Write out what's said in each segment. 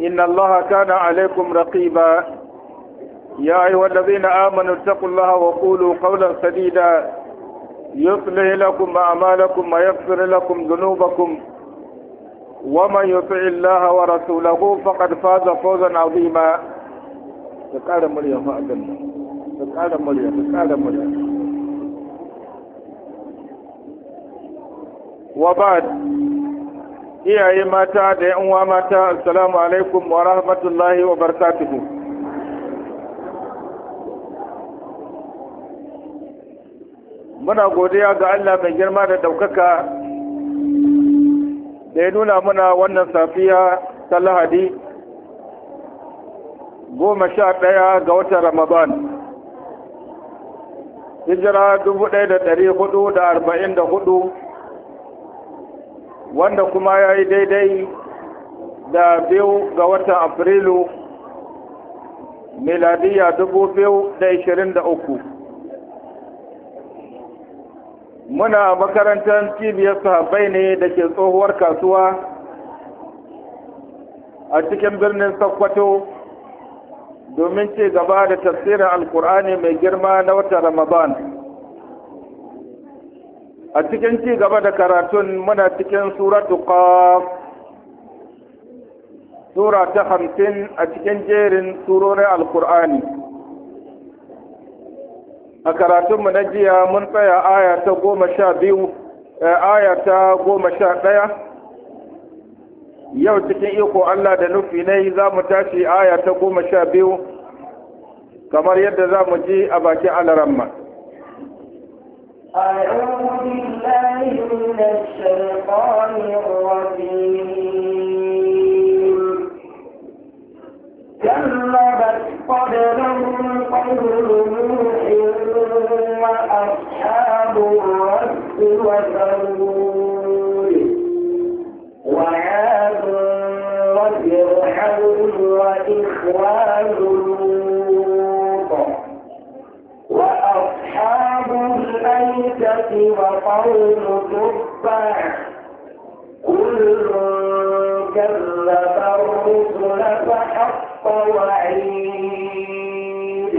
إن الله كان عليكم رقيبا يا أيها الذين آمنوا اتقوا الله وقولوا قولا سديدا يصلح لكم أعمالكم ويغفر لكم ذنوبكم ومن يطع الله ورسوله فقد فاز فوزا عظيما فقال مريا فأدنا فقال مريا فقال مريا وبعد iyaye mata da yan uwa mata assalamu alaikum wa rahmatullahi wa barakatuhu muna godiya ga Allah mai girma da daukaka da ya nuna muna wannan safiya ta lahadi goma sha ɗaya ga watan ramadan hijira dubu ɗaya da ɗari hudu da arba'in da hudu wanda kuma ya yi daidai da biyu ga watan afrilu miladiya dubu biyu da ishirin da uku muna makarantar cibiyar sahabbai ne da ke tsohuwar kasuwa a cikin birnin sakwato domin ce gaba da tafsirin alkur'ani mai girma na watan ramadan a cikin ci gaba da karatun muna cikin suratu qaf sura ta hamsin a cikin jerin surorin alkur'ani a karatunmu na jiya mun tsaya aya ta goma sha biyu eh, aya ta goma sha ɗaya yau cikin iko allah da nufi yi za mu tashi aya ta goma sha biyu kamar yadda za mu ji a bakin alaramma أعوذ بالله من الشيطان الرجيم نوح وأصحاب وعاد وفرحون وإخوان أصحاب الأيكة وقوم تبع كل كذب الرسل فحق وعيد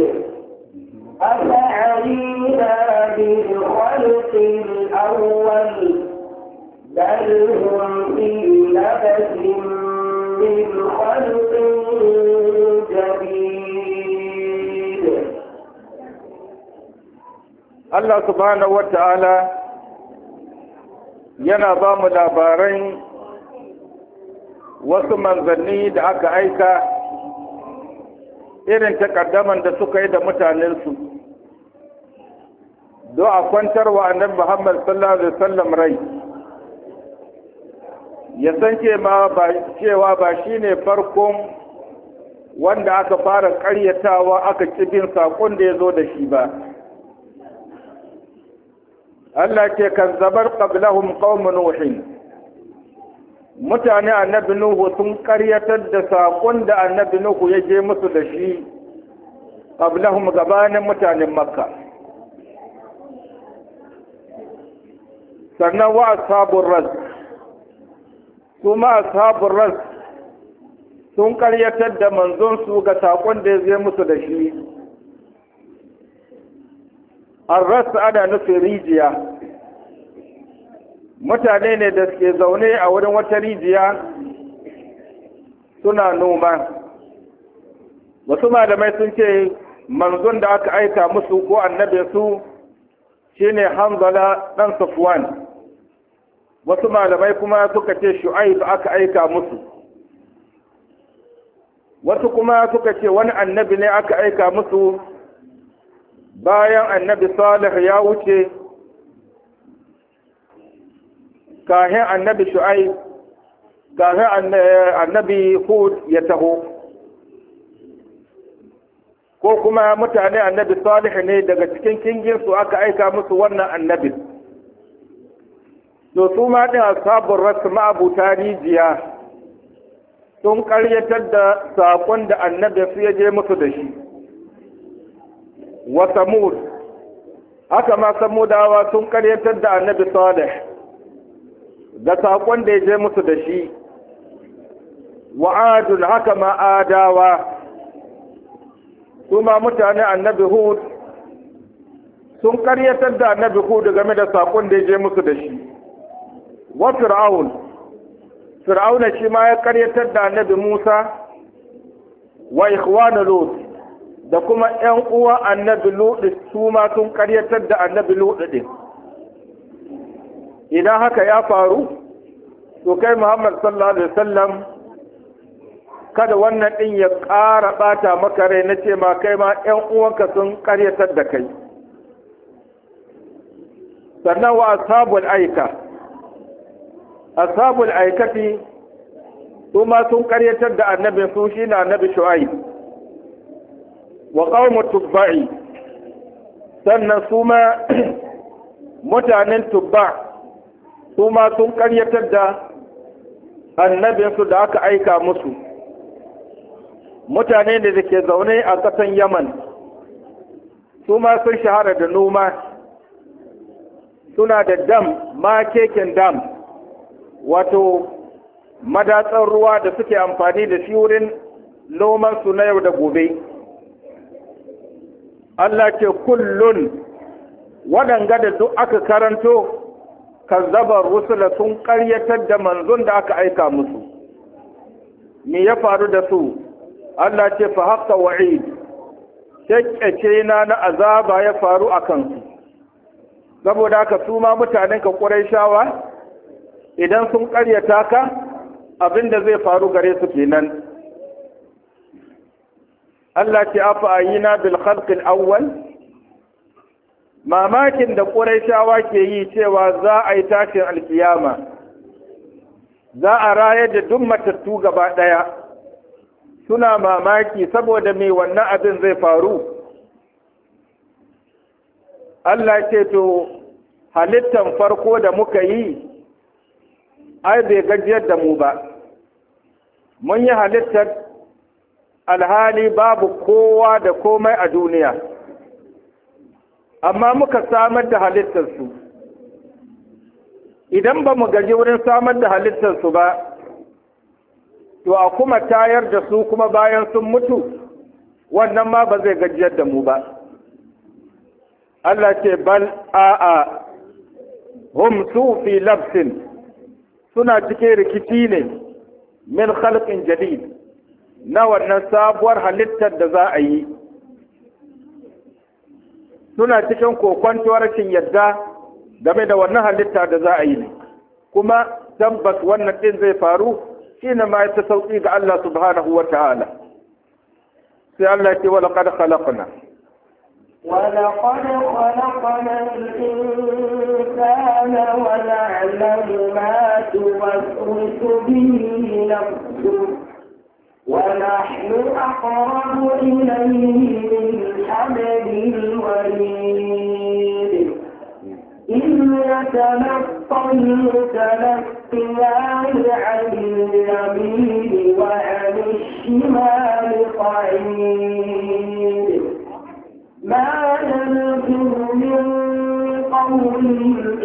أفعلينا بالخلق الأول بل هم في لبس من خلق جديد Allah subhanahu wata'ala yana ba mu labaran wasu manzanni da aka aika irin takaddaman da suka yi da mutanensu do a kwantarwa wa annabi Muhammad sallallahu alaihi wasallam rai ya san ma ba cewa ba shine ne farkon wanda aka fara karyatawa aka ci bin saƙon da ya zo da shi ba Allah ce kan zabar ƙablahun ƙaunar nuhin mutane annabi nuhu sun karyatar da saƙon da annabi nuhu ya je musu da shi ƙablahun gabanin mutanen makka sannan wa sabon ras su ma sabon ras sun karyatar da manzon su ga saƙon da ya je musu da shi arras ana nufin rijiya mutane ne da suke zaune a wurin wata rijiya suna noma wasu malamai sun ce manzon da aka aika musu ko annabinsu shine hanzala dan safwan wasu malamai kuma suka ce shu'aib aka aika musu wasu kuma suka ce wani annabi ne aka aika musu bayan annabi salih ya wuce kahin annabi shu'ai kahin annabi hud ya taho ko kuma mutane annabi salih ne daga cikin kinginsu aka aika musu wannan annabi to su ma ɗin ashabun rasu ma'abuta rijiya sun ƙaryatar da saƙon da annabi su ya je musu da shi wa samud haka ma samudawa sun karyatar da annabi salih da saƙon da ya je musu da shi wa adun haka ma adawa kuma mutane annabi hud sun karyatar da annabi hud game da saƙon da ya je musu da shi wa fir'aun fir'auna shi ma ya karyatar da annabi musa wa ikhwanu lut da kuma ‘yan uwa annabi Lutu su ma sun karyatar da annabi Lutu ɗin. Idan haka ya faru, to kai Muhammad sallallahu Alaihi wasallam kada wannan ɗin ya ƙara ɓata maka rai na ce ma kai ma ‘yan uwanka sun karyatar da kai. Sannan wa ashabul aika, ashabul aikati su ma sun karyatar da annabin su shi na annabi Shu'aib. wa qaumu tubba'i sannan su mutanen tubba su ma sun karyatar da annabinsu da aka aika musu mutane ne da ke zaune a ƙasan yaman su ma sun shahara da noma suna da dam ma keken dam wato madatsar ruwa da suke amfani da shi wurin nomansu na yau da gobe Allah ce kullun waɗanga da duk aka karanto kazzabar rusula sun ƙaryatar da manzon da aka aika musu me ya faru da su Allah ce fa haqqa wa'id kyakkyace na na azaba ya faru a kansu saboda haka su ma mutanen ka shawa idan sun ƙaryata ka abin zai faru gare su kenan Allah ce afa ayina bil khalqil awwal mamakin da shawa ke yi cewa za a yi tashin alkiyama za a rayar da duk matattu gaba daya suna mamaki saboda me wannan abin zai faru Allah ce to halittan farko da muka yi ai bai gajiyar da mu ba mun yi halittar alhali babu kowa da komai a duniya amma muka samar da halittarsu idan ba mu gaji wurin samar da halittarsu ba to a kuma tayar da su kuma bayan sun mutu wannan ma ba zai gajiyar da mu ba Allah ce bal a'a hum su fi labsin suna cikin rikici ne min khalqin jadid na wannan sabuwar halittar da za a yi suna cikin kokwantuwar rashin yadda game da wannan halitta da za a yi kuma tabbas wannan ɗin zai faru shi ne ma ta sauƙi ga Allah subhanahu wa ta'ala sai Allah ce wala kada khalaqna ولقد خلقنا الإنسان ونعلم ما توسوس به نفسه ونحن أقرب إليه من حبل الوريد إن يتلقى المتلقيان عن اليمين وعن الشمال قعيد ما يلفظ من قول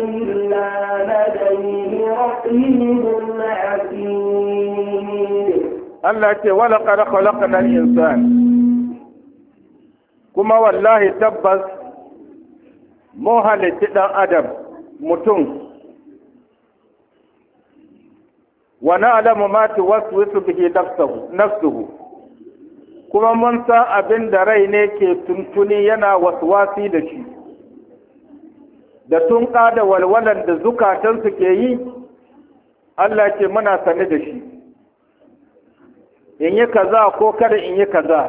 إلا لديه رقيب Allah ce wala qad khalaqnal insan kuma wallahi tabbas mu halitti dan adam mutum wa na'lamu ma wasu bihi nafsuhu kuma mun san abin da rai ne ke tuntuni yana wasu wasi da shi da tun da walwalan da zukatansu ke yi Allah ce muna sane da shi in yi kaza ko kada in yi kaza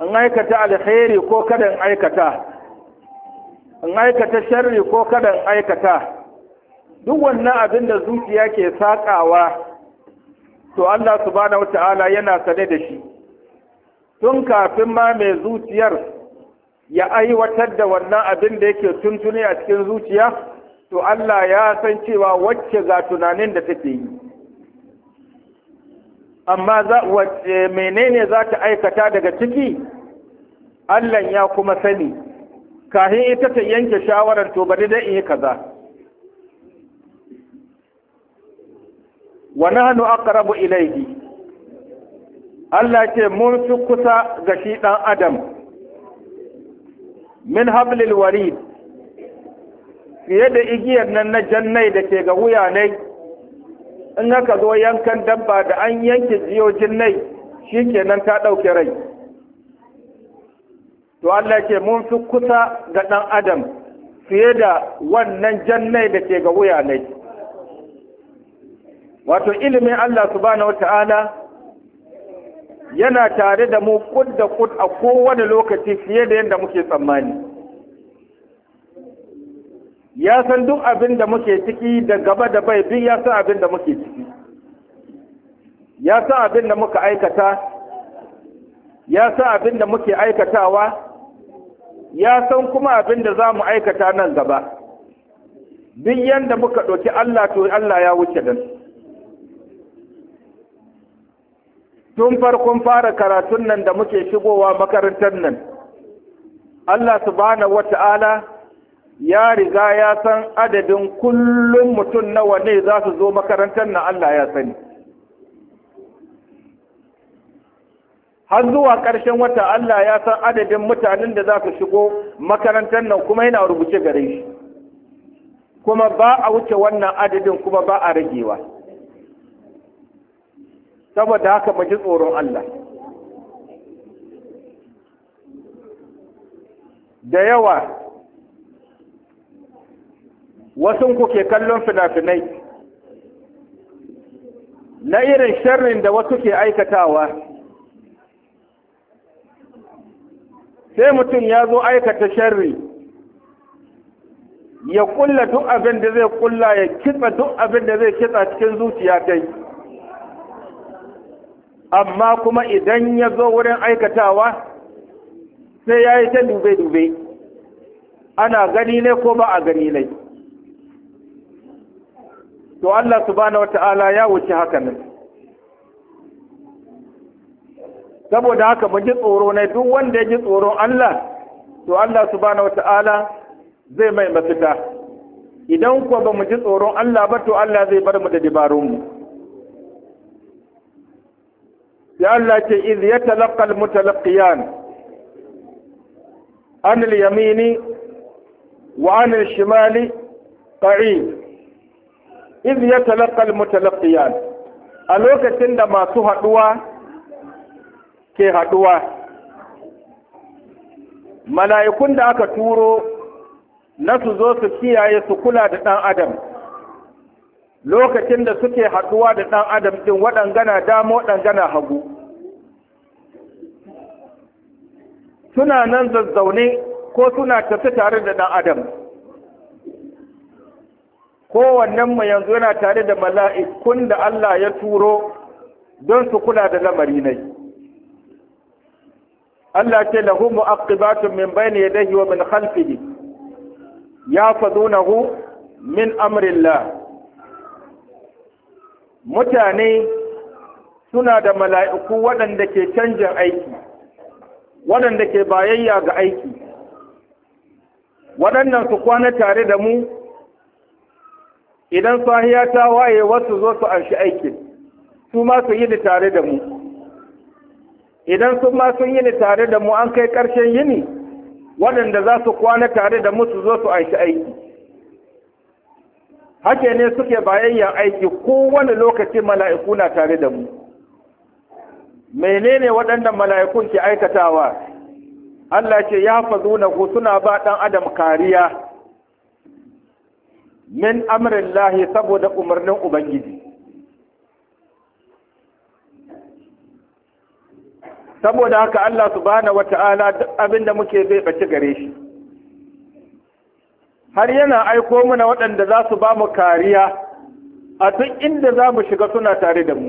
in aikata alheri ko kada in aikata in aikata sharri ko kada in aikata duk wannan abin da zuciya ke saƙawa to Allah subhanahu wata'ala yana sane da shi tun kafin ma mai zuciyar ya aiwatar da wannan abin da yake tuntuni a cikin zuciya to Allah ya san cewa wacce ga tunanin da take yi amma menene za ta aikata daga ciki Allah ya kuma sani kahin ita ta yanke shawarar to bari dai in yi kaza wa nahnu aqrabu ilayhi Allah ce mun fi kusa ga shi dan adam min hablil warid fiye da igiyar nan na jannai da ke ga wuya nai in aka zo yankan dabba da an yanke jiyojin nai shikenan ta ɗauke rai to Allah ke mun fi kusa ga ɗan adam fiye da wannan jannai da ke ga wuya nai wato ilimin Allah subhanahu wata'ala yana tare da mu kud da kud a kowane lokaci fiye da yadda muke tsammani ya san duk abin da muke ciki da gaba da bai duk ya san abin da muke ciki ya san abin da muka aikata ya san abin da muke aikatawa ya san kuma abin da za mu aikata nan gaba duk yadda muka ɗauki Allah to Allah ya wuce dan tun farkon fara karatun nan da muke shigowa makarantar nan Allah subhanahu wata'ala ya riga ya san adadin kullum mutum nawa ne za su zo makarantar na Allah ya sani har zuwa ƙarshen wata Allah ya san adadin mutanen da za su shigo makarantar nan kuma yana rubuce gare shi kuma ba a wuce wannan adadin kuma ba a ragewa saboda haka mu tsoron Allah da yawa Wasunku ku ke kallon fina-finai na irin sharrin da wasu ke aikatawa sai mutum ya zo aikata sharri ya kulla duk abin da zai kulla ya kitsa duk abin da zai kitsa cikin zuciya kai amma kuma idan ya zo wurin aikatawa sai ya yi ta dube-dube ana gani ne ko ba a gani ne to Allah subhanahu wata'ala ya wuce haka nan saboda haka mu ji tsoro ne duk wanda ya ji tsoron Allah to Allah subhanahu wata'ala zai mai mafita idan kuwa ba mu ji tsoron Allah ba to Allah zai bar mu da mu ya Allah ce iz yatalaqa al an al-yamini wa an al-shimali qa'id iz ya talaqal mutalaqiyan a lokacin da masu haduwa ke haduwa mala'ikun da aka turo na su zo su kiyaye su kula da ɗan adam lokacin da suke haduwa da ɗan adam ɗin waɗangana dama waɗangana hagu suna nan zazzaune ko suna tafi tare da ɗan adam kowannen mu yanzu yana tare da mala'ikun da Allah ya turo don su kula da lamari nai Allah ce lahu mu'aqibatun min bayni yadayhi wa min khalfihi yafadunahu min amrillah mutane suna da mala'iku waɗanda ke canjin aiki waɗanda ke bayayya ga aiki waɗannan su kwana tare da mu idan sahiya ta waye wasu zo su anshi aikin su ma su yi ni tare da mu idan sun ma sun yi ni tare da mu an kai ƙarshen yini waɗanda za su kwana tare da mu su zo su anshi aiki hake ne suke bayayyan aiki kowane lokaci mala'iku na tare da mu menene waɗanda mala'ikun ke aikatawa Allah ce ya fazo na suna ba ɗan adam kariya min amrin lahi saboda umarnin ubangiji saboda haka Allah su subhanahu Ta'ala abin da muke zai ɓaci gare shi har yana aiko mana waɗanda za su ba mu kariya a duk inda za mu shiga suna tare da mu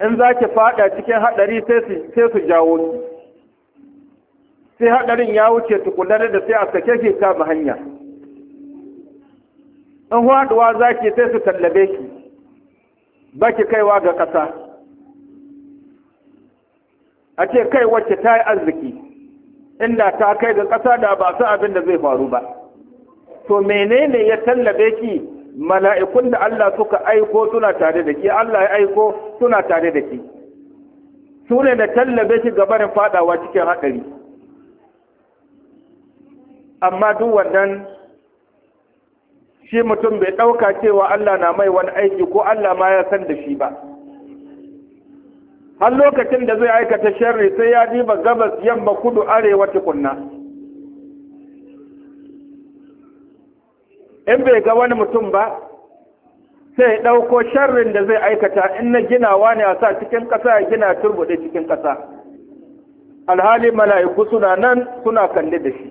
in za ki fada cikin haɗari sai su jawo ki sai haɗarin ya wuce tukunar da sai a sake ke kama hanya in haɗuwa za ki sai su tallabe ki ba ki kaiwa ga ƙasa a ce kai wacce ta yi arziki inda ta kai ga ƙasa da ba su abin da zai faru ba to menene ya tallabe ki mala'ikun da Allah suka aiko suna tare da ki Allah ya aiko suna tare da ki su ne da tallabe ki gabarin fadawa cikin haɗari amma duk wannan shi mutum bai ɗauka cewa Allah na mai wani aiki ko Allah ma ya san da shi ba har lokacin da zai aikata sharri sai ya diba gabas yamma kudu arewa tukunna in bai ga wani mutum ba sai ɗauko sharrin da zai aikata in na ginawa ne a sa cikin ƙasa ya gina turbuɗe cikin ƙasa alhali mala'iku suna nan suna kalli da shi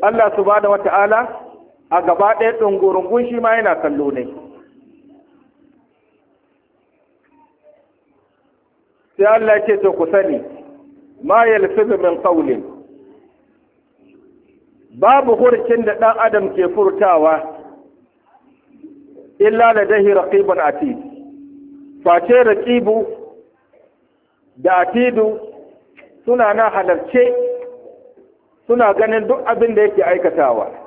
Allah subhanahu wata'ala a gaba ɗaya ɗungurungun shi ma yana kallo ne sai Allah ce to ku sani ma yalfizu min qawlin babu hurkin da ɗan adam ke furtawa illa ladaihi raqibun atid face raqibu da atidu suna na halarce suna ganin duk abin da yake aikatawa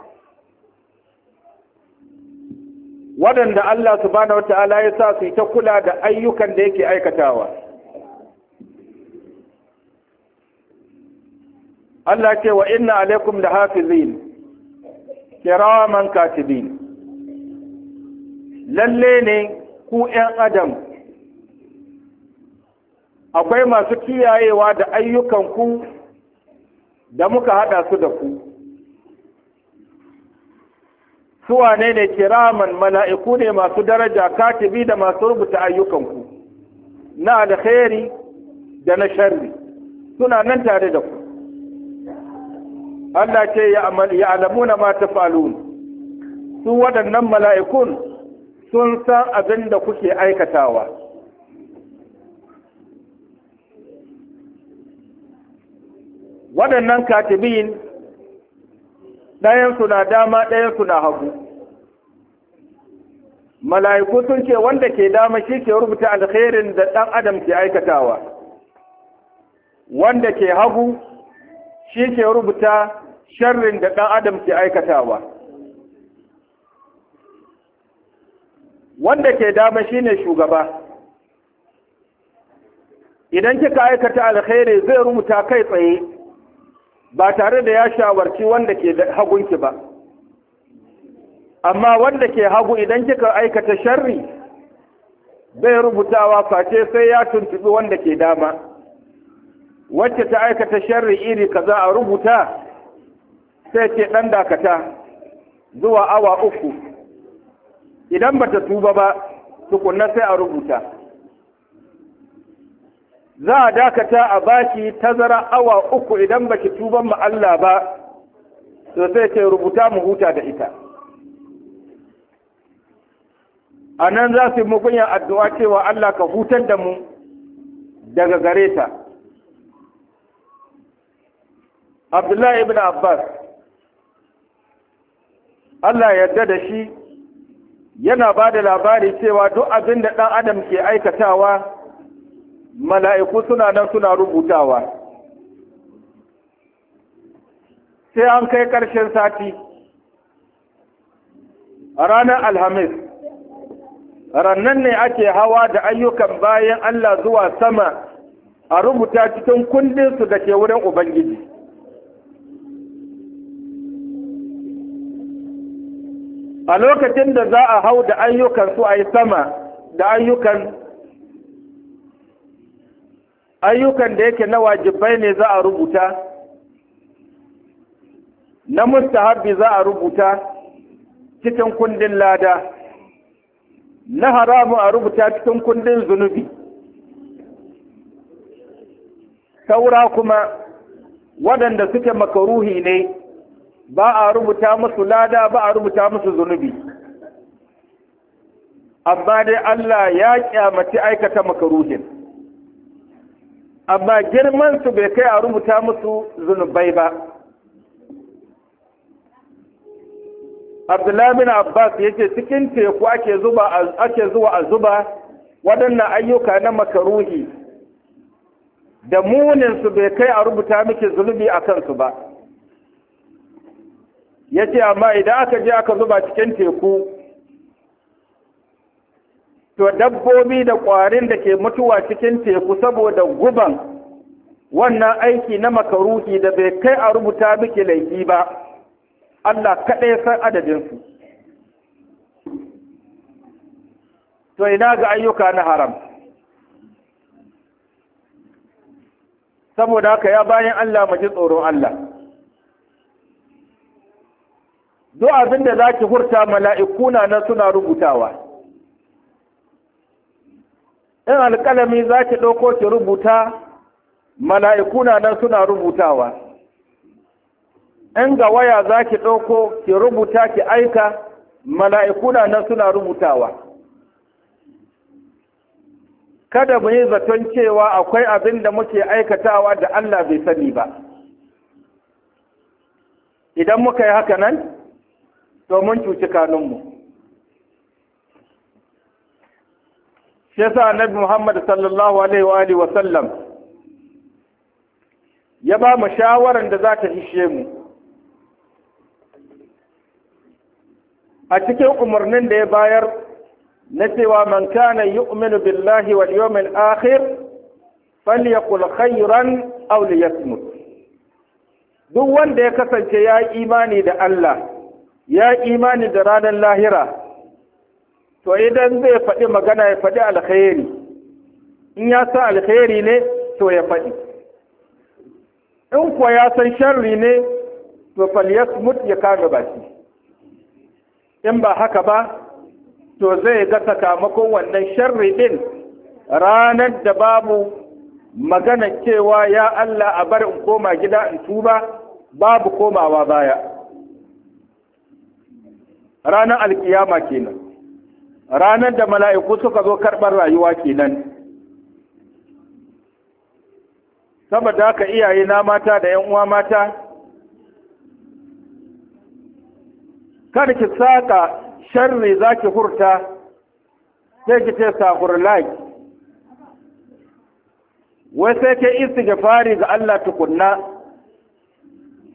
waɗanda Allah subhanahu ta'ala ya sa su ta kula da ayyukan da yake aikatawa Allah ce wa inna alaikum da hafizin kiraman katibin lalle ne ku ‘yan adam akwai masu kiyayewa da ayyukanku da muka haɗa su da ku su wane ne kiraman mala'iku ne masu daraja katibi da masu rubuta ayyukanku na alkhairi da na sharri suna nan tare da ku Allah ce ya alamu na mata tafalun su waɗannan mala'ikun sun san abin da kuke aikatawa waɗannan katibin ɗayansu na dama ɗayansu na hagu mala'iku sun ce wanda ke dama shi ke rubuta alkhairin da ɗan adam ke aikatawa wanda ke hagu shi ke rubuta sharrin da ɗan adam ke aikatawa wanda ke dama shine shugaba idan kika aikata alkhairi zai rubuta kai tsaye ba tare da ya shawarci wanda ke hagunki ba amma wanda ke hagu idan kika aikata sharri bai rubutawa face sai ya tuntubi wanda ke dama wacce ta aikata sharri iri kaza a rubuta sai ce ɗan dakata zuwa awa uku idan bata tuba ba tukunna sai a rubuta za a dakata a baki tazara awa uku idan baki tuban mu Allah ba to sai ce rubuta mu huta da ita anan nan za su yi mugunyan addu'a cewa Allah ka hutar da mu daga gare ta Abdullahi ibn Abbas Allah yarda da shi yana ba da labari cewa duk abin da ɗan adam ke aikatawa mala'iku suna nan suna rubutawa sai an kai ƙarshen sati a ranar alhamis rannan ne ake hawa da ayyukan bayan Allah zuwa sama a rubuta cikin kundinsu da ke wurin Ubangiji. A lokacin da za a hau da ayyukansu a yi sama da ayyukan ayyukan da yake na wajibai ne za a rubuta na mustahabbi za a rubuta cikin kundin lada na haramu a rubuta cikin kundin zunubi saura kuma waɗanda suke makaruhi ne ba a rubuta musu lada ba a rubuta musu zunubi amma dai Allah ya kyamaci aikata makaruhin. amma girman su bai kai a rubuta musu zunubai ba Abdullahi bin Abbas yace cikin teku ake zuwa a zuba waɗannan ayyuka na makaruhi da munin su bai kai a rubuta miki zunubi a kansu ba yace amma idan aka je aka zuba cikin teku to dabbobi da ƙwarin da ke mutuwa cikin teku saboda guban wannan aiki na makaruhi da bai kai a rubuta miki laifi ba Allah kaɗai san adadinsu to ina ga ayyuka na haram saboda haka ya bayan Allah mu ji tsoron Allah duk abin da za ki hurta mala'ikuna na suna rubutawa in alƙalami za ki ɗauko ki rubuta mala'ikuna nan suna rubutawa in ga waya za ki ɗauko ki rubuta ki aika mala'ikuna nan suna rubutawa kada mu yi zaton cewa akwai abin da muke aikatawa da Allah bai sani ba idan muka yi haka nan to mun cuci kanunmu shi yasa annabi Muhammad sallallahu alaihi wa alihi wa sallam ya ba mu shawaran da za ta hishe mu a cikin umarnin da ya bayar na cewa man kana yu'minu billahi wal yawmil akhir falyaqul khayran aw liyasmut duk wanda ya kasance ya imani da Allah ya imani da ranar lahira to idan zai faɗi magana ya faɗi alkhairi in ya san alkhairi ne to ya faɗi in kuwa ya san sharri ne to falyasmut ya kame baki in ba haka ba to zai ga sakamakon wannan sharri din ranar da babu magana cewa ya Allah a bar in koma gida in tuba babu komawa baya ranar alkiyama kenan ranar da mala'iku suka zo karɓar rayuwa kenan saboda haka iyaye na mata da ‘yan uwa mata kada ki saka sharri za ki hurta sai ki ce sakurlaki wai sai ke fari ga Allah tukunna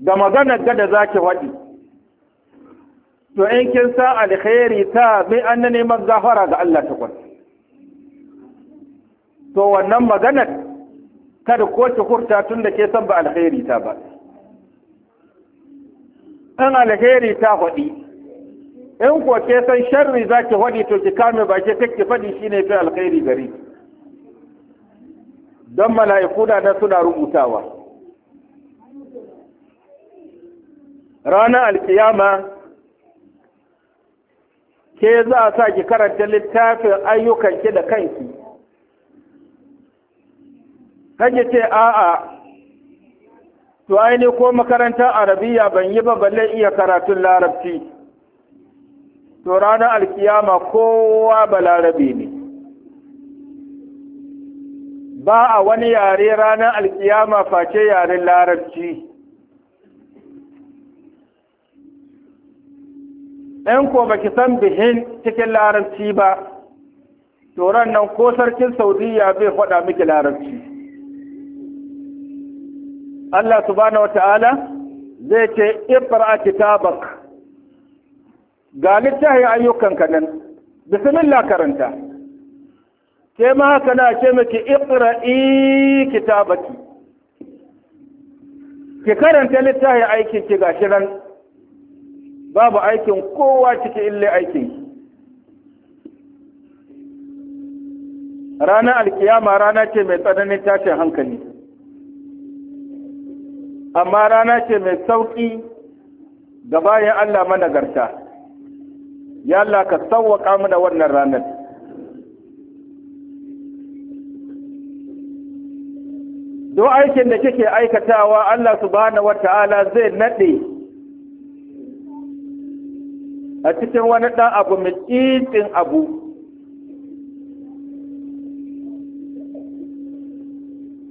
Da maganar gada za ki waɗi to in kin sa alkhairi ta mai an na neman gafara ga Allah tukun to wannan maganar kada ko ki hurta tun da ke san ba alkhairi ta ba in alkhairi ta faɗi in ko ke san sharri za ki to ki kame ba baki kake faɗi shine fi alkhairi gari don mala'iku da nan suna rubutawa ranar alkiyama ke za a sa ki karanta littafin ayyukan ki da kanki kake ce a'a to aini ko makarantar arabiya ban yi ba balle iya karatun larabci to ranar alkiyama kowa Balarabi ne ba a wani yare ranar alkiyama face yaren larabci ɗan ko baki san bihin cikin larabci ba to nan ko sarkin saudiya bai faɗa miki larabci Allah subhanahu Ta'ala zai ce ibra kitabak ga littafin ayyukanka nan bismillah karanta ke ma haka na ce miki iqra'i kitabaki ki karanta littafin aikin ki shi nan babu aikin kowa ciki ille aikin rana alkiyama rana ce mai tsananin tashin hankali amma rana ce mai sauƙi ga bayan Allah managarta ya Allah ka sauwaƙa mana wannan ranar don aikin da kike aikatawa Allah subhanahu wata'ala zai naɗe a cikin wani ɗan abu mai ƙitin abu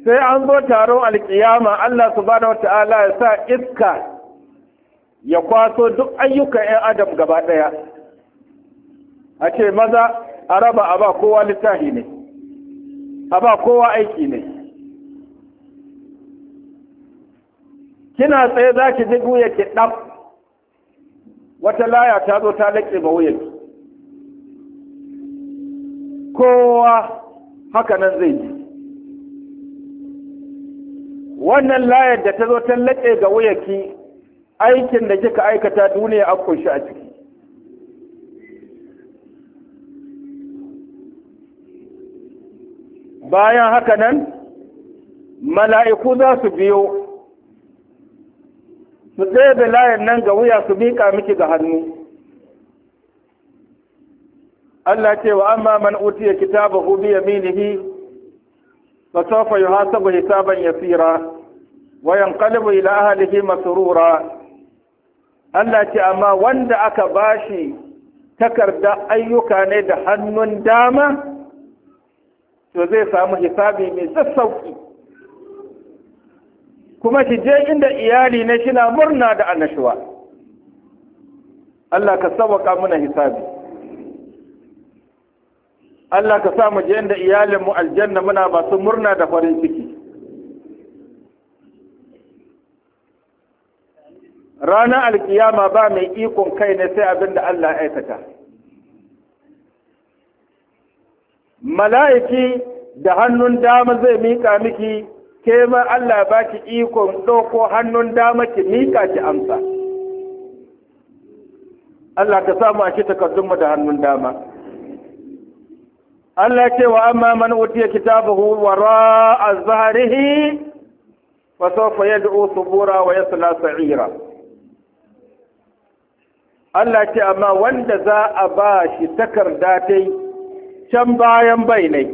sai an zo taron alkiyama Allah subhanahu ta'ala ya sa iska ya kwaso duk ayyukan 'yan adam gaba ɗaya a ce maza a raba a ba kowa littafi ne a ba kowa aiki ne kina tsaye za ki ji ya ki ɗab. wata laya ta zo ta laƙe ba wuyan kowa haka zai ji wannan layar da ta zo ta laƙe ga wuyaki aikin da kika aikata duniya a kunshi a ciki bayan hakanan, mala'iku za su biyo su ɗebe layin nan ga wuya su miƙa miki ga hannu Allah ce wa amma man utiya kitabahu bi yaminihi fa sawfa yuhasabu hisaban yasira wa yanqalibu ila ahlihi masrura Allah ce amma wanda aka bashi takarda ayyuka ne da hannun dama to zai samu hisabi mai sassauki kuma shi je inda iyali na kina murna da annashuwa Allah ka sawaka muna hisabi Allah ka sa mu je inda iyalinmu aljanna muna masu murna da farin ciki ranar alkiyama ba mai ikon kai ne sai abin da Allah ya aikata mala'iki da hannun dama zai miƙa miki ke ma Allah ba ki ikon ɗauko hannun dama ki mika ki amsa Allah ka samu a shi takardunmu da hannun dama Allah ce wa amma man utiya kitabahu wa ra'a zahrihi fa sawfa yad'u subura wa yasla sa'ira Allah ce amma wanda za a ba shi takarda tai can bayan bainai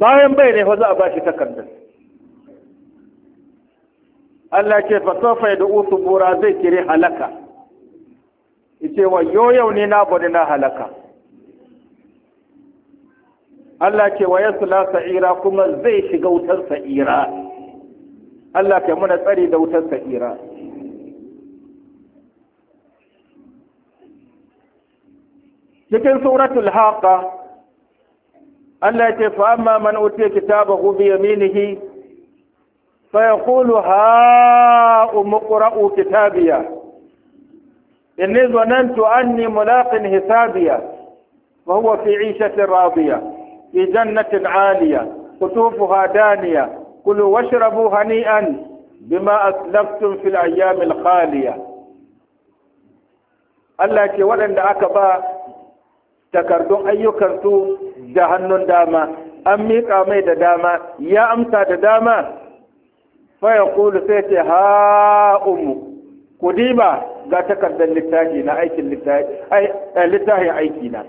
bayan bai ne fa za a bashi takardar Allah ce fa da ya da'u zai kire halaka yace wa yo yau ne na bari na halaka Allah ce wa yasla sa'ira kuma zai shiga wutar sa'ira Allah ke muna tsari da wutar sa'ira cikin suratul haqa Allah ya ce fa amma man utiya kitabahu bi yaminihi fa yaqulu ha umqra'u kitabiya inni zanantu anni mulaqin hisabiya wa huwa fi 'ishatin radiya fi jannatin 'aliya qutufuha daniya kulu washrabu hani'an bima aslaftum fil ayyamil khaliya Allah ce waɗanda aka ba takardun ayyukansu da hannun dama an miƙa mai da dama ya amsa da dama faya kulu sai ce ha'umu ku diba ga takardar littafi na aikin eh, littafin aiki na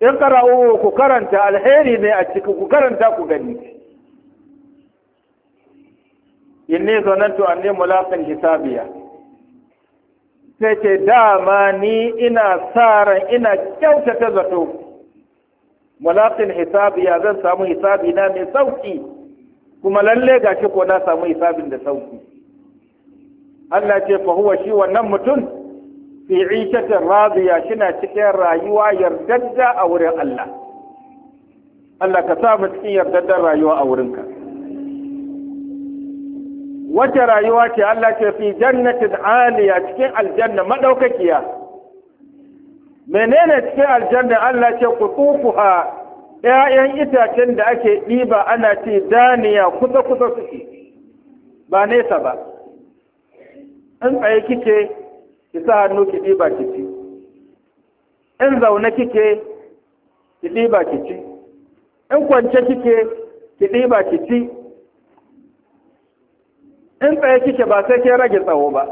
in kara'u ku karanta alheri ne a ciki ku karanta ku gani inni zonantu ne mulaqin hisabiya sai ce dama ni ina tsara ran ina kyautata zato mulaqin hisabi ya zan samu hisabi na mai sauki kuma lalle gashi ko na samu hisabin da sauki Allah ce fa huwa shi wannan mutum fi ishatin radiya shina cikin rayuwa yardadda a wurin Allah Allah ka sa mu cikin yardaddar rayuwa a wurinka Wata rayuwa ce Allah ce fi jannatin aliya cikin aljanna madaukakiya menene cikin aljanna Allah ce ha ‘ya'yan itacen da ake ɗiba ana ce daniya kusa-kusa suke, ba nesa ba, in tsaye kike ki sa hannu ki ɗiba ki ci, in zaune kike ki ɗiba ki ci, in kwance kike ki ɗiba ki ci, in tsaye kike ba sai ke rage tsawo ba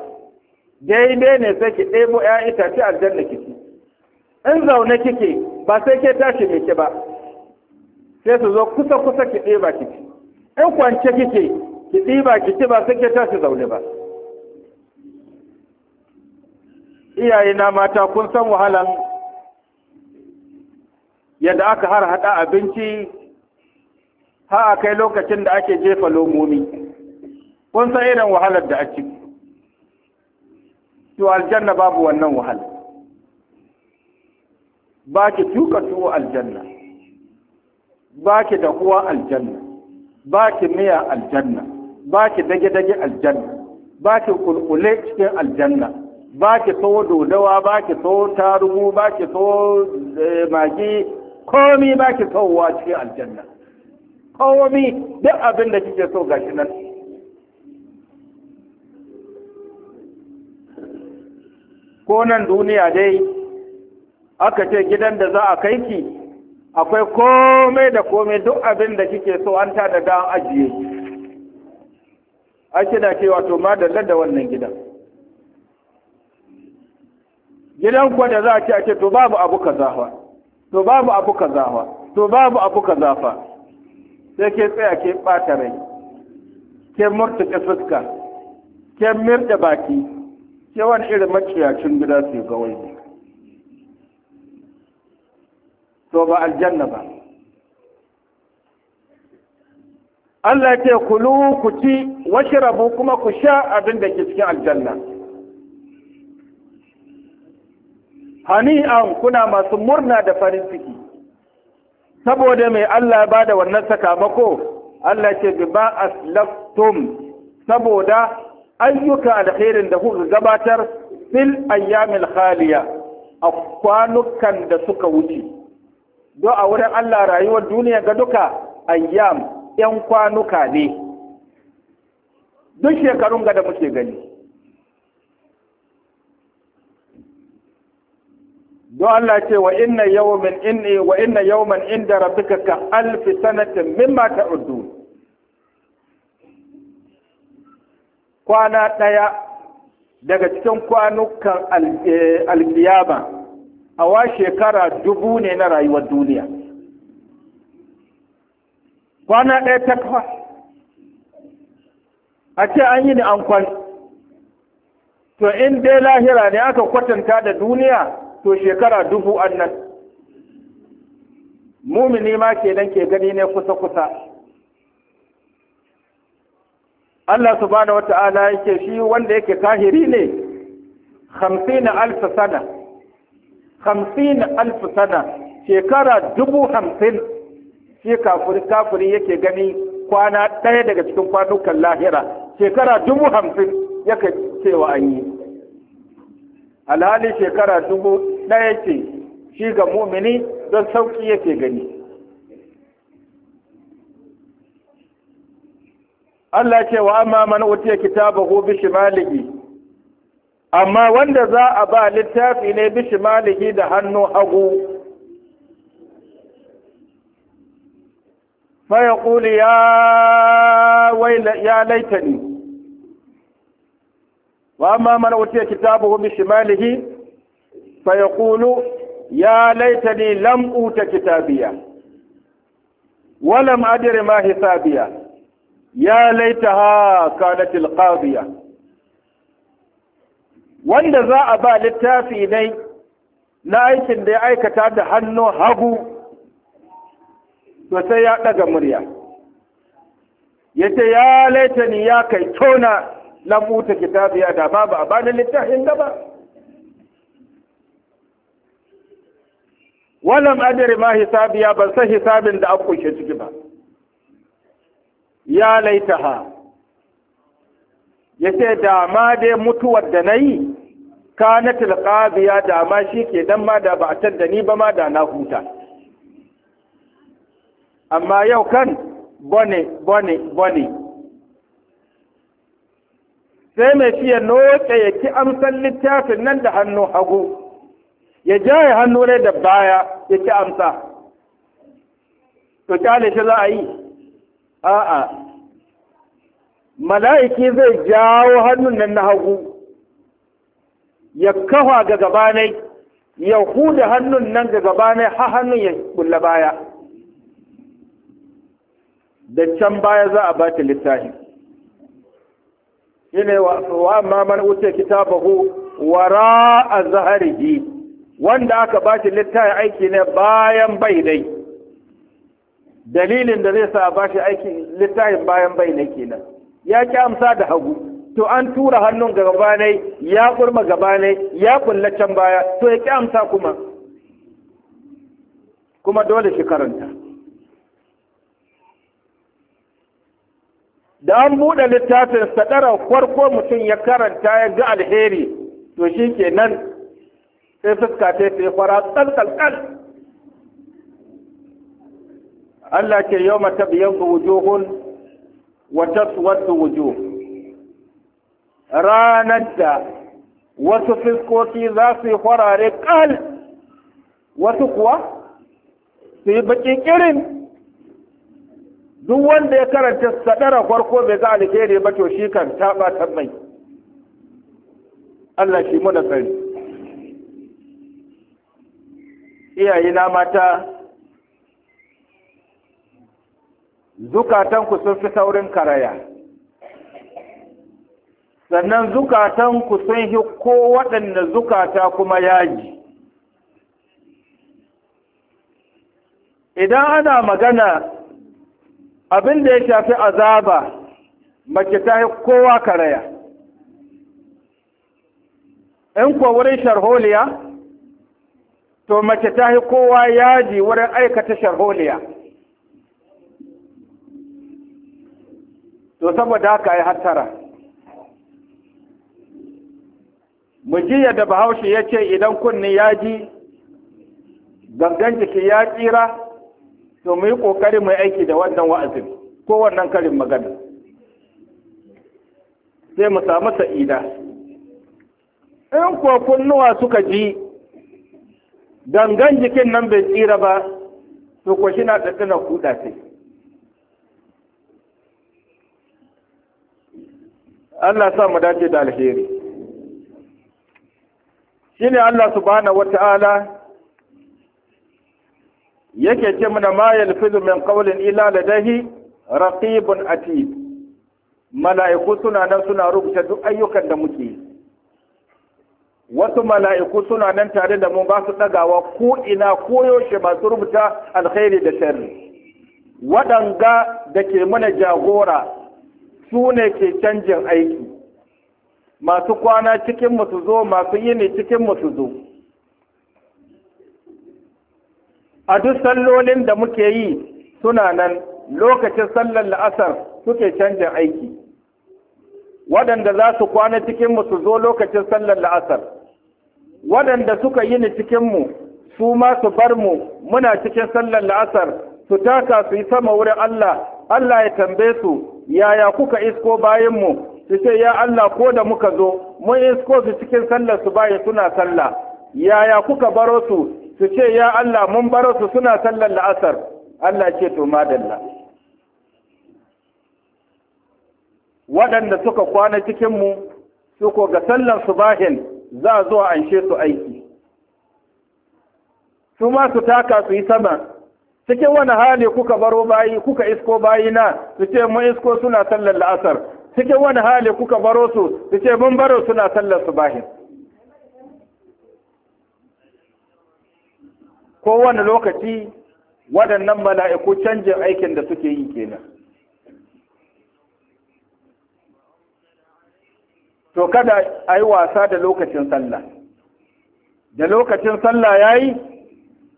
daidai ne sai ki ɗebo ya ci aljanna kiki in zaune kike ba sai ke tashi mai ki ba sai su zo kusa kusa ki ɗeba kiki in kwance kike ki ɗiba kiki ba sai ke tashi zaune ba iyaye na mata kun san wahalan yadda aka har haɗa abinci har a kai lokacin da ake jefa lomomi kun san irin wahalar da a ciki to aljanna babu wannan wahala ba ki tuka tuwo aljanna ba ki kuwa aljanna ba ki miya aljanna ba ki dage-dage aljanna ba ki kulkule cikin aljanna ba ki so dodawa ba ki so tarugu ba ki so eh, magi komi ba ki sowa cikin aljanna komi duk abin da kike so gashi nan ko nan duniya dai aka ce gidan da za a kai ki akwai komai da komai duk abin da kike so an ta daga an ajiye ai kina ce wato madalla da wannan gidan gidan ko da za a ce a ce to babu abu zafa, to babu abu zafa, to babu abu zafa sai ke tsaya ke ɓata rai ke ke fuska ke mirda baki yawan irin maciyacin gida su ga wai to ba aljanna ba Allah ce kulu ku ci rabu kuma ku sha abin da ke cikin aljanna hani'an kuna masu murna da farin ciki saboda mai Allah ba da wannan sakamako Allah ce bi ba aslaftum saboda ayyuka alkhairin da kuka gabatar fil ayyamil khaliya a kwanukan da suka wuce do a wurin Allah rayuwar duniya ga duka ayyam yan kwanuka ne duk shekarun ga da muke gani Do Allah ce wa inna yawmin inni wa inna yawman inda rabbika ka alfi sanatin mimma ta'udun kwana ɗaya daga cikin kwanukan eh, alkiyama a wa shekara dubu ne na rayuwar duniya kwana ɗaya ta kawa a ce an yi ni an kwan to in dai lahira ne aka kwatanta da duniya to shekara dubu annan mumini ma kenan ke gani ne kusa-kusa Allah subhanahu wata'ala yake shi wanda yake tahiri ne hamsin alf sana hamsin alf sana shekara dubu hamsin shi kafuri kafuri yake gani kwana ɗaya daga cikin kwanukan lahira shekara dubu hamsin yake cewa an yi alhali shekara dubu ɗaya ce shi ga mumini don sauƙi yake gani Allah ce wa amma man utiya kitabahu bi shimalihi amma wanda za a ba littafi ne bi shimalihi da hannu hagu fa yaqulu ya waila ya laitani wa amma man utiya kitabahu bi shimalihi fa yaqulu ya laitani lam uta kitabiya wa lam adri ma hisabiya ya laitaha na alqadiya wanda za a ba littafi ne na aikin da ya aikata da hannu hagu to sai ya ɗaga murya yace ya laita ni ya kai tona lamuta kitabiya da ba ba a bani littafin ba. Wannan adri ma hisabiya ban san hisabin da an kunshe ciki ba ya laitaha ya ce da dai mutuwar da na yi ka na alqabiya da ma shi ke dan ma da ba a da ni ba ma da na huta amma yau kan bane bane bane sai mai fiye noke ya ki amsan littafin nan da hannu hagu ya jaye hannu ne da baya ya ki amsa to kyale shi za a yi a'a mala'iki zai jawo hannun nan na hagu ya kafa ga gabanai ya huda hannun nan ga gabanai ha hannun ya kulla baya da can baya za a bata littafi shine wa amma man uce kitabahu wara a zaharihi wanda aka bata littafi aiki ne bayan bai dai dalilin da zai sa a bashi aikin littafin bayan bai na kenan ya ki amsa da hagu to an tura hannun ga ne, ya kurma gaba ne, ya can baya to ya ki amsa kuma kuma dole shi karanta da an buɗe littafin sadara farko mutum ya karanta ya ga alheri to shi kenan sai fuska ta yi fara tsalkalkal Allah ce yau mata biyan wujuhun wata wasu wujo. ranar da wasu fiskoki za su yi kwarare ƙal wasu kuwa su yi bakin irin, duk wanda ya karanta sadara farko bai ga alheri ba to shi kan taba tabbai Allah shi muna tsari iyaye na mata zukatanku sun fi saurin karaya sannan zukatanku sun fi ko waɗanda zukata kuma yaji idan ana magana abin da ya shafi azaba mace ta kowa karaya in kuwa wurin sharholiya to mace ta kowa yaji wurin aikata sharholiya to saboda haka ya hattara mu da da bahaushe ya ce idan kunni ya ji gangan jiki ya tsira to mu yi ƙoƙari mu aiki da wannan wa'azin ko wannan karin magana sai mu samu sa'ida in ko kunnuwa suka ji gangan jikin nan bai tsira ba to ko shi na ɗaɗɗana kuɗa sai Allah sa mu dace da alheri shi ne Allah subhanahu ta’ala yake ce mana ma yalfizu min qawlin ila ladaihi raqibun atid mala'iku suna nan suna rubuta duk ayyukan da muke wasu mala'iku suna nan tare da mu ba su ɗagawa ko ina koyaushe masu rubuta alheri da tari, waɗanga da ke mana jagora su ne ke canjin aiki masu kwana cikin su zo masu yini cikin su zo a duk sallolin da muke yi suna nan lokacin sallar la'asar suke canjin aiki waɗanda za su kwana cikinmu su zo lokacin sallar la'asar waɗanda suka yi ni cikinmu su ma su bar mu muna cikin sallar la'asar su taka su yi sama wurin Allah Allah ya tambaye su yaya kuka isko bayanmu su ce ya Allah ko da muka zo mun isko su cikin sallar su baya suna sallah yaya kuka baro su su ce ya Allah mun baro su suna sallar la'asar Allah ce to madalla waɗanda suka kwana cikinmu su ko ga sallar subahin za a zo anshe su aiki su ma su taka su yi sama cikin wani hali kuka baro bayi kuka isko bayi na su ce mun isko suna sallar la'asar cikin wani hali kuka baro su su ce mun baro suna sallar Ko wani lokaci waɗannan mala'iku canjin aikin da suke yi kenan to kada a yi wasa da lokacin sallah da lokacin sallah yayi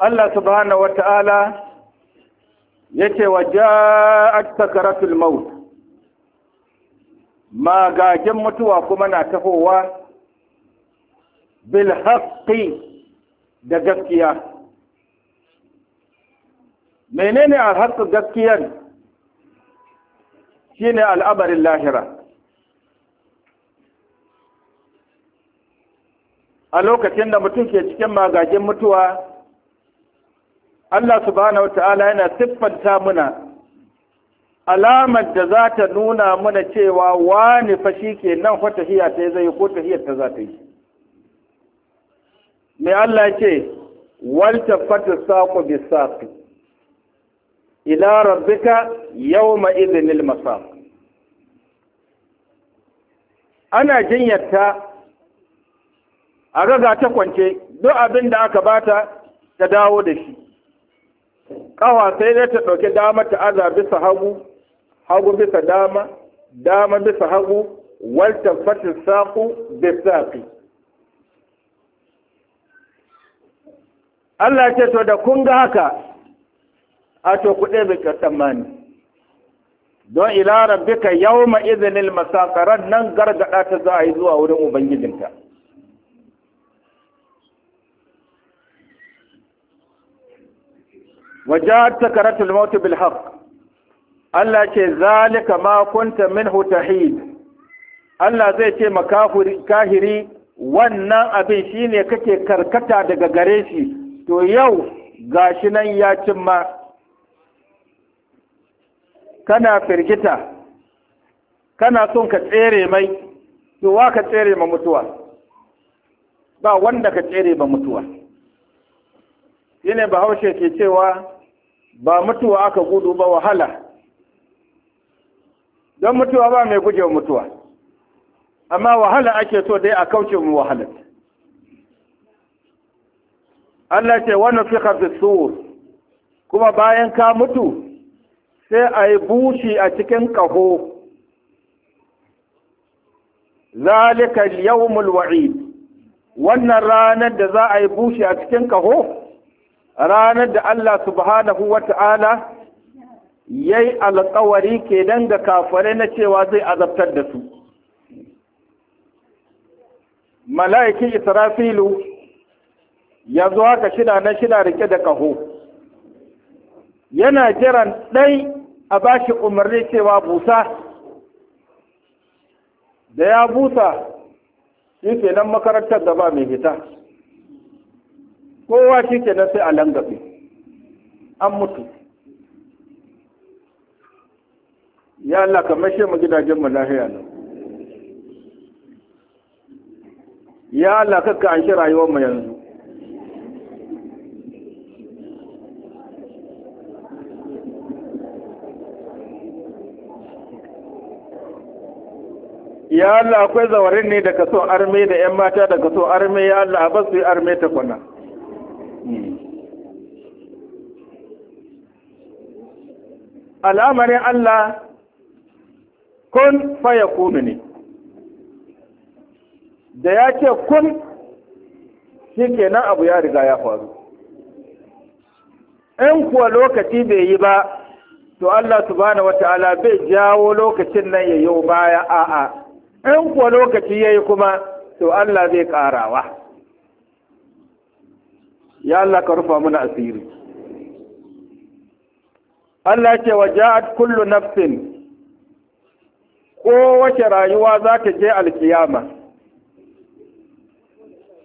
Allah subhanahu ya ce wa ja'at sakaratul maut Magajin mutuwa kuma na tafowa bil haqqi da gaskiya menene al haqqi gaskiyan shine al'amarin lahira a lokacin da mutum ke cikin magajin mutuwa Allah subhanahu wata'ala yana siffanta muna alamar da za ta nuna muna cewa wani fashi ke nan fa tafiya ta zai ko tafiyar ta za ta yi mai Allah ce walta fata saƙo bi saƙi ila rabbika yawma idhnil masaq ana jinyarta a raga ta kwance duk abin da aka bata ta dawo da shi ƙawa sai dai ta ɗauki dama ta aza bisa hagu hagu bisa dama dama bisa hagu walta fatin da saƙi. Allah ce to da kun ga haka a to ku ɗaya bai tsammani don ila rabbika yawma izinin masakaran nan gargada ta za a yi zuwa wurin ubangijinta wajahat sakaratul mautu bil haq Allah ce zalika ma kunta minhu tahid Allah zai ce makafiri kahiri wannan abin shine kake karkata daga gare shi to yau gashi nan ya cimma kana firgita kana son ka tsere mai to wa ka tsere ma mutuwa ba wanda ka tsere ma mutuwa shine bahaushe ke cewa ba mutuwa aka gudu ba wahala don mutuwa ba mai guje mutuwa amma wahala ake so dai a kauce mu wahalar Allah ce wani fika fi kuma bayan ka mutu sai a yi bushi a cikin ƙaho zalika yawmul wa'id wannan ranar da za a yi bushi a cikin ƙaho ranar da Allah subhanahu wa ta'ala ya yi alkawari ke dan ga kafare na cewa zai azabtar da su. Mala'ikin Israfilu ya zo haka shida na shida rike da ƙaho, yana jiran ɗai a bashi umarni cewa busa, da ya busa, shi ke nan makarantar da ba mai hita. kowa shi ke sai a langabe an mutu ya Allah ka mashe mu gidajen mu lahiya nan ya Allah kakka an shi rayuwar mu yanzu ya Allah akwai zawarin ne da so arme da 'yan mata da so arme ya Allah a basu yi arme ta kwana al'amarin Allah kun faya kunu ne da ya ce kun shi kenan abu ya riga ya faru in kuwa lokaci bai yi ba to Allah subhanahu ala bai jawo lokacin nan ya yi baya a'a in kuwa lokaci ya yi kuma to Allah zai karawa ya Allah ka rufa mana asiri Allah ce wa ja'at kullu nafsin kowace rayuwa za ta je alkiyama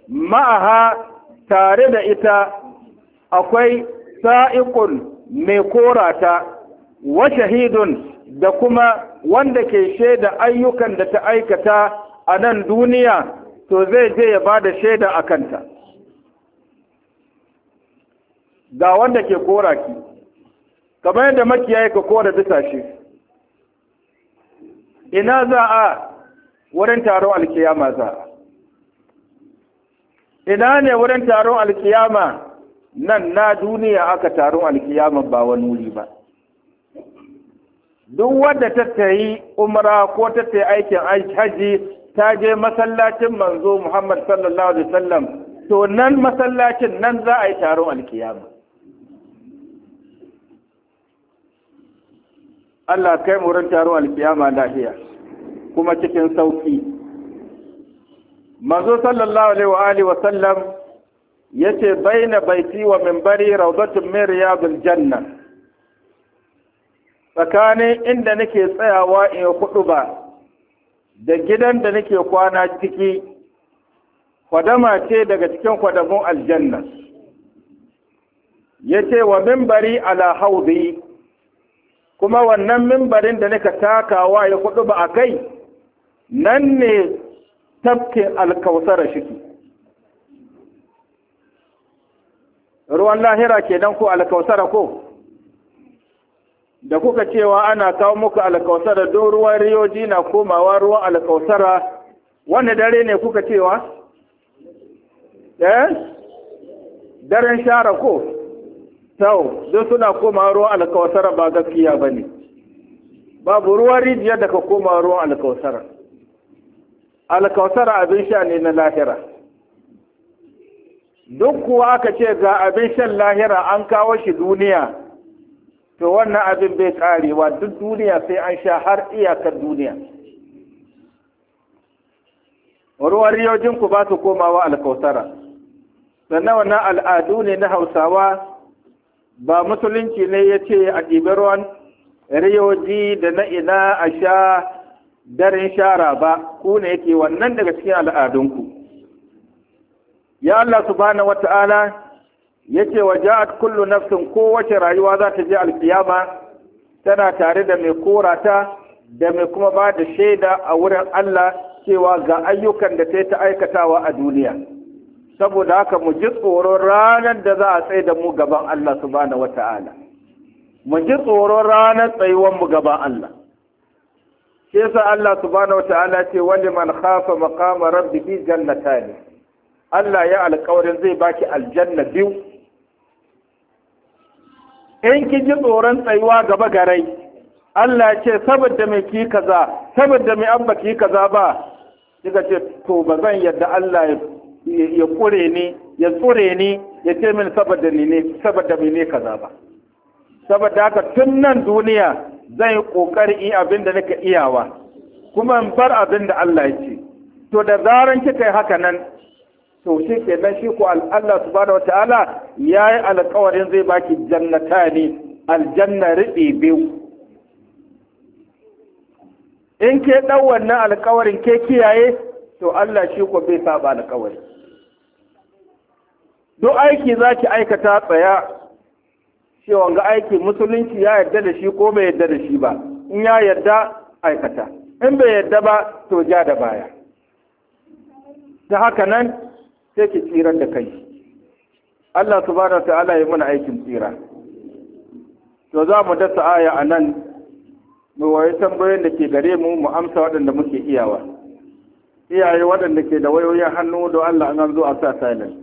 ma'aha tare da ita akwai sa'iqun mai korata wa shahidun da kuma wanda ke shaida ayyukan da ta aikata a nan duniya to zai je ya bada da shaida a kanta ga wanda ke koraki kamar yadda makiyayi ka da bisa shi ina za a wurin taron alkiyama za ina ne wurin taron alkiyama nan na duniya aka taron alkiyama ba wani wuri ba duk wadda ta tayi umra ko ta tayi aikin hajji, ta je masallacin manzo Muhammad sallallahu alaihi wasallam to nan masallacin nan za a yi taron alkiyama Allah kai mu ran taro alkiyama lahiya kuma cikin sauki manzo sallallahu alaihi wa alihi wa sallam yace baina baiti wa minbari rawdatun min riyadil janna tsakanin inda nake tsayawa in hudu ba da gidan da nake kwana ciki kwadama ce daga cikin kwadamun aljanna yace wa minbari ala haudi kuma wannan mimbarin da nika takawa ya kudu ba a kai nan ne tafkin alkausara shiki ruwan lahira ke nan ko alkausara ko da kuka cewa ana kawo muku alkausara don ruwan riyoji na komawa ruwan alkausara Wani dare ne kuka cewa? eh daren share ko tau don suna koma ruwan alkawasara ba gaskiya ba ne babu ruwan rijiya da ka koma ruwan alkawasara alkawasara abin sha ne na lahira duk kuwa aka ce ga abin shan lahira an kawo shi duniya to wannan abin bai karewa duk duniya sai an sha har iyakar duniya ruwan ku ba su komawa alkawasara sannan wannan al'adu ne na hausawa ba musulunci ne ya ce a ɗibarwan ruwan riyoji da na ina a sha darin shara ba ku ne yake wannan daga cikin al'adunku ya Allah subhanahu wata'ala ya ce wa ja'at kullu nafsin kowace rayuwa za ta je alkiyama tana tare da mai korata da mai kuma ba da shaida a wurin Allah cewa ga ayyukan da ta yi ta aikatawa a duniya saboda haka mu ji tsoron ranar da za a tsaye da mu gaban Allah subhanahu wata'ala mu ji tsoron ranar tsayuwar mu gaban Allah shi yasa Allah subhanahu wata'ala ce wani man khafa maqama rabbihi jannatani Allah ya alƙawarin zai baki aljanna biyu in ki ji tsoron tsayuwa gaba garai Allah ya ce saboda mai ki kaza saboda mai abba ki kaza ba kika ce to ba zan yadda Allah ya ya ƙure ni ya tsure ni ya ce min saboda ni ne saboda ne kaza ba saboda haka tun nan duniya zan yi kokari in abin da nake iyawa kuma in bar abin da Allah ya ce to da zaran kika yi haka nan to shi ke nan shi ko Allah subhanahu wataala yi alkawarin zai baki jannatani aljanna riɗe biyu in ke ɗau wannan alkawarin ke kiyaye to Allah shi ko bai saba alkawari to aiki za ki aikata tsaya cewa ga aiki musulunci ya yarda da shi ko bai yarda da shi ba in ya yarda aikata in bai yarda ba to ja da baya ta haka nan sai ki tsirar da kai Allah subhanahu wa ta'ala ya muna aikin tsira to za mu dasa aya a nan mu waye tambayoyin da ke gare mu mu amsa waɗanda muke iyawa iyaye waɗanda ke da wayoyin hannu don Allah an zo a sa silence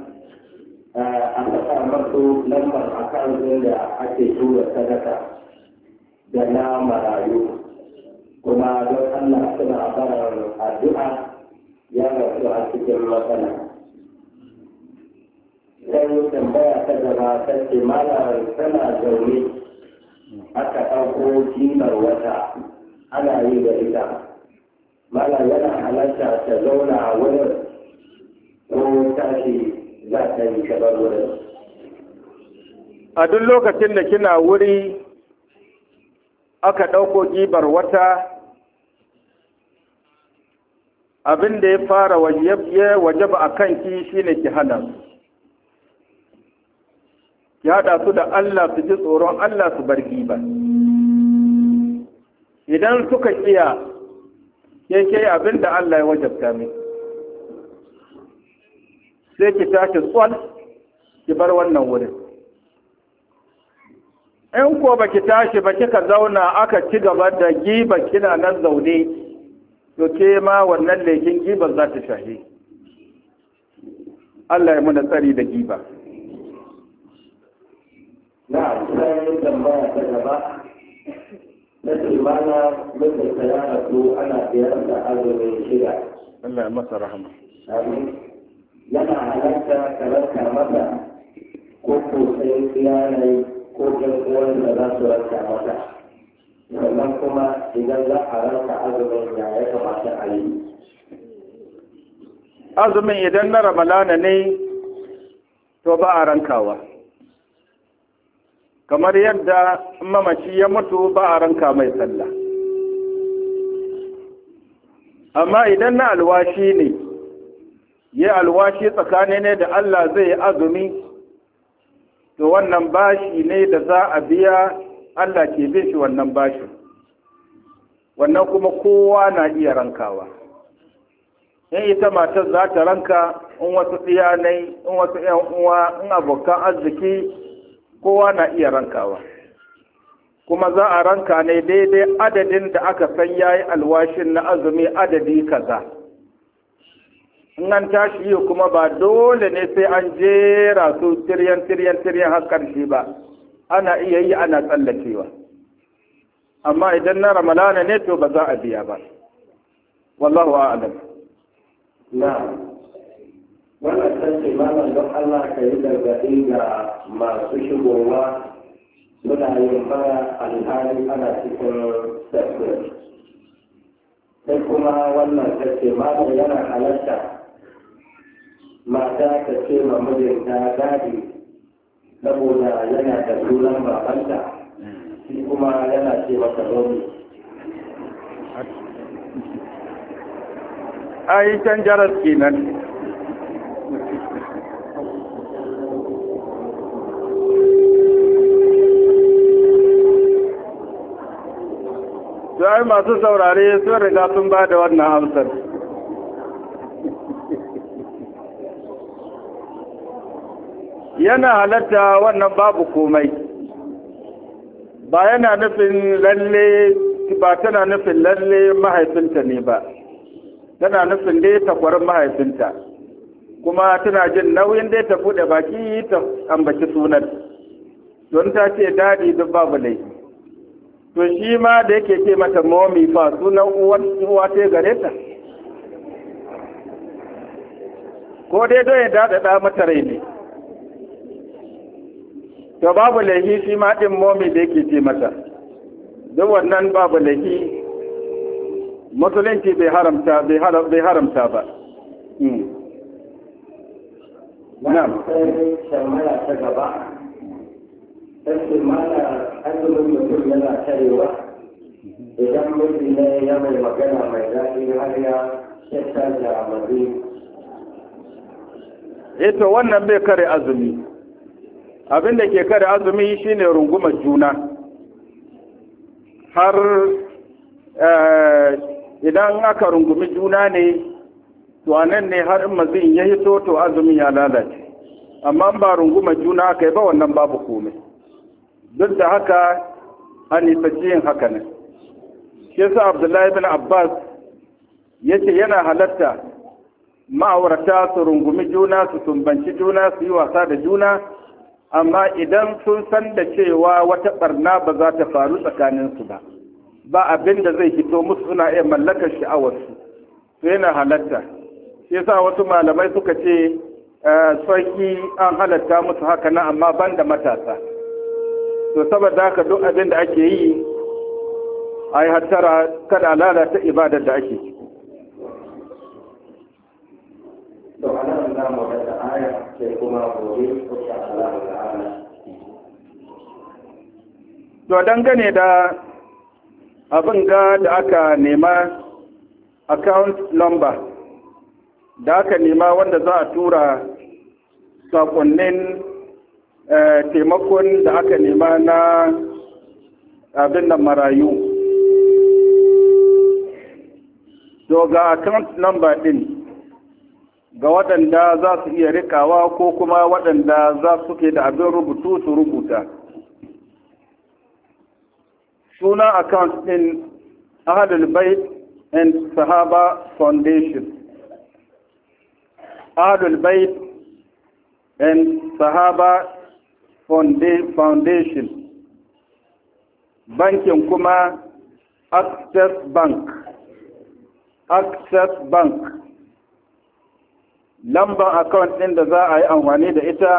Eh, a saka masu lambar akawun da ake tura sadaka da na marayu kuma don Allah suna barar addu'a ya rasu a cikin matsala. Sai tambaya ta gaba ta ce malar tana zaune aka ɗauko kimar wata ana yi da ita. Malar yana halarta ta zauna wurin ko tashi a duk lokacin da kina wuri aka ɗauko gibar wata abin da ya fara ba a kanki ne ki hana ki haɗa su da Allah su ji tsoron Allah su bar giba idan suka iya yake abin da Allah ya wajabta miki sai ki tashi tsol ki bar wannan wurin in ko ki tashi ba kika zauna aka ci gaba da giba kina nan zaune to ke ma wannan lekin giba za ta shahi Allah ya muna tsari da giba na sai tambaya ta gaba na limana mai tsaya ana biyar da azumi shida Allah ya masa rahama amin yana halatta ka masa ko ko yanayi ko ɗan uwan da za su raka mata sannan kuma idan za a raka azumin da ya kamata a yi azumin idan na ramalana ne to ba a rankawa kamar yadda mamaci ya mutu ba a ranka mai sallah amma idan na alwashi ne ya alwashi tsakani ne da Allah zai yi azumi to wannan bashi ne da za a biya Allah ke bin shi wannan bashi wannan kuma kowa na iya rankawa in ita matar za ta ranka in wasu in wasu ‘yan uwa in abokan arziki kowa na iya rankawa kuma za a ranka ne daidai adadin da aka san yayi alwashin na azumi adadi kaza. Nan an tashi yi kuma ba dole ne sai an jera su tiryan tiryan tiryan har ƙarshe ba ana iya yi ana tsallakewa amma idan na ramalana ne to ba za a biya ba wallahu a'lam na wannan sace malam don Allah ka yi gargaɗi ga masu shigowa muna yin fara alhali ana cikin tafiya sai kuma wannan sace malam yana halatta mata ta ce ma mijinta gadi saboda yana da sunan babanta shi kuma yana ce masa a yi can jarar kenan ai masu saurare sun riga sun ba da wannan amsar yana halatta wannan babu komai ba yana nufin lalle ba tana nufin lalle mahaifinta ne ba tana nufin dai takwarar mahaifinta kuma tana jin nauyin dai ta buɗe baki ta ambaci sunan don ta ce daɗi duk babu laifi to shi ma da yake ce mata momi fa sunan uwa ta gare ta ko dai don ya daɗaɗa mata rai ne to babu laifi shi ma ɗin momi da yake ce mata duk wannan babu laifi musulunci bai haramta bai haramta ba hmm. na'am shamara eh, ta gaba sai mana azumin mutum yana tarewa idan mutum ne ya mai magana mai daɗi har ya shakka da mazi. Eto wannan bai kare azumi. abin da ke kada azumi shine runguma juna har eh, idan aka rungumi juna ne to anan ne har in mazin ya hito to azumi ya lalace amma ba rungumar juna aka yi ba wannan babu komai duk da haka an nisanci yin haka ne shi yasa abdullahi bin abbas ya ce yana halatta ma'aurata su rungumi juna su tumbanci juna su yi wasa da juna amma idan sun san da cewa wata barna ba za ta faru tsakaninsu ba ba abin da zai fito musu suna iya mallakar sha'awarsu su yana halatta shi yasa wasu malamai suka ce eh, sarki an halatta musu haka na amma ban da matasa to saboda haka duk abin da ake yi a yi hattara kada lalata ibadar da ake ciki to ana mu da aya ce kuma gobe ko sha to dangane da abin ga da aka nema account number da aka nema wanda za a tura sakonnin eh, taimakon da aka nema na abin da marayu to ga account number din ga waɗanda za su iya rikawa ko kuma waɗanda za su ke da abin rubutu su rubuta suna account in Ahlul Bait and Sahaba Foundation. Ahlul Bait and Sahaba Foundation. Bankin kuma Access Bank. Access Bank. Lambar account ɗin da za a yi amfani da ita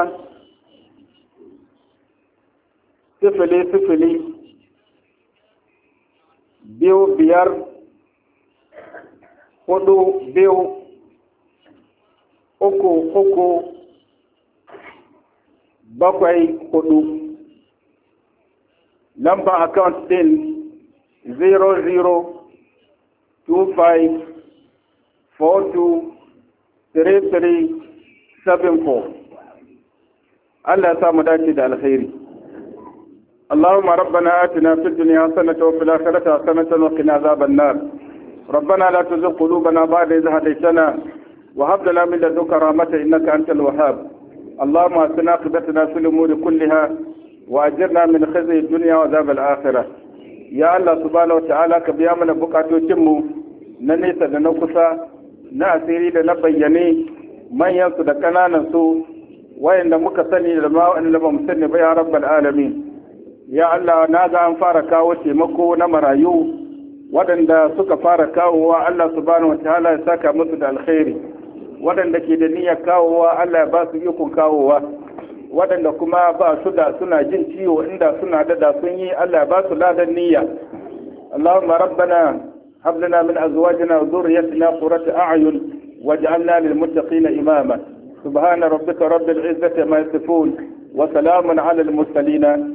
sifili sifili biyu biyar hudu biyu uku uku bakwai hudu lamba account din four. Allah ya samu dace da alkhairi اللهم ربنا آتنا في الدنيا حسنة وفي الآخرة حسنة وقنا عذاب النار ربنا لا تزغ قلوبنا بعد إذ هديتنا وهب لنا من لدنك رحمة إنك أنت الوهاب اللهم أتنا عاقبتنا في الأمور كلها وأجرنا من خزي الدنيا وعذاب الآخرة ya Allah subhanahu wata'ala ka biya mana bukatocinmu na nesa da na kusa na asiri da na bayyane manyansu da ƙananansu wayanda muka sani da ma wa'anda ba mu sani ba ya rabbal alamin ya Allah na ga an fara kawo taimako na marayu waɗanda suka fara kawowa Allah subhanahu wa ta'ala ya saka musu da alkhairi waɗanda ke da niyyar kawowa Allah ya ba su ikon kawowa waɗanda kuma ba su da suna jin ciwo inda suna dada sun yi Allah ya ba su ladan niyya Allahumma rabbana هب لنا من أزواجنا وذريتنا قرة أعين واجعلنا للمتقين Subhana سبحان ربك رب العزة ما Wa وسلام alal المرسلين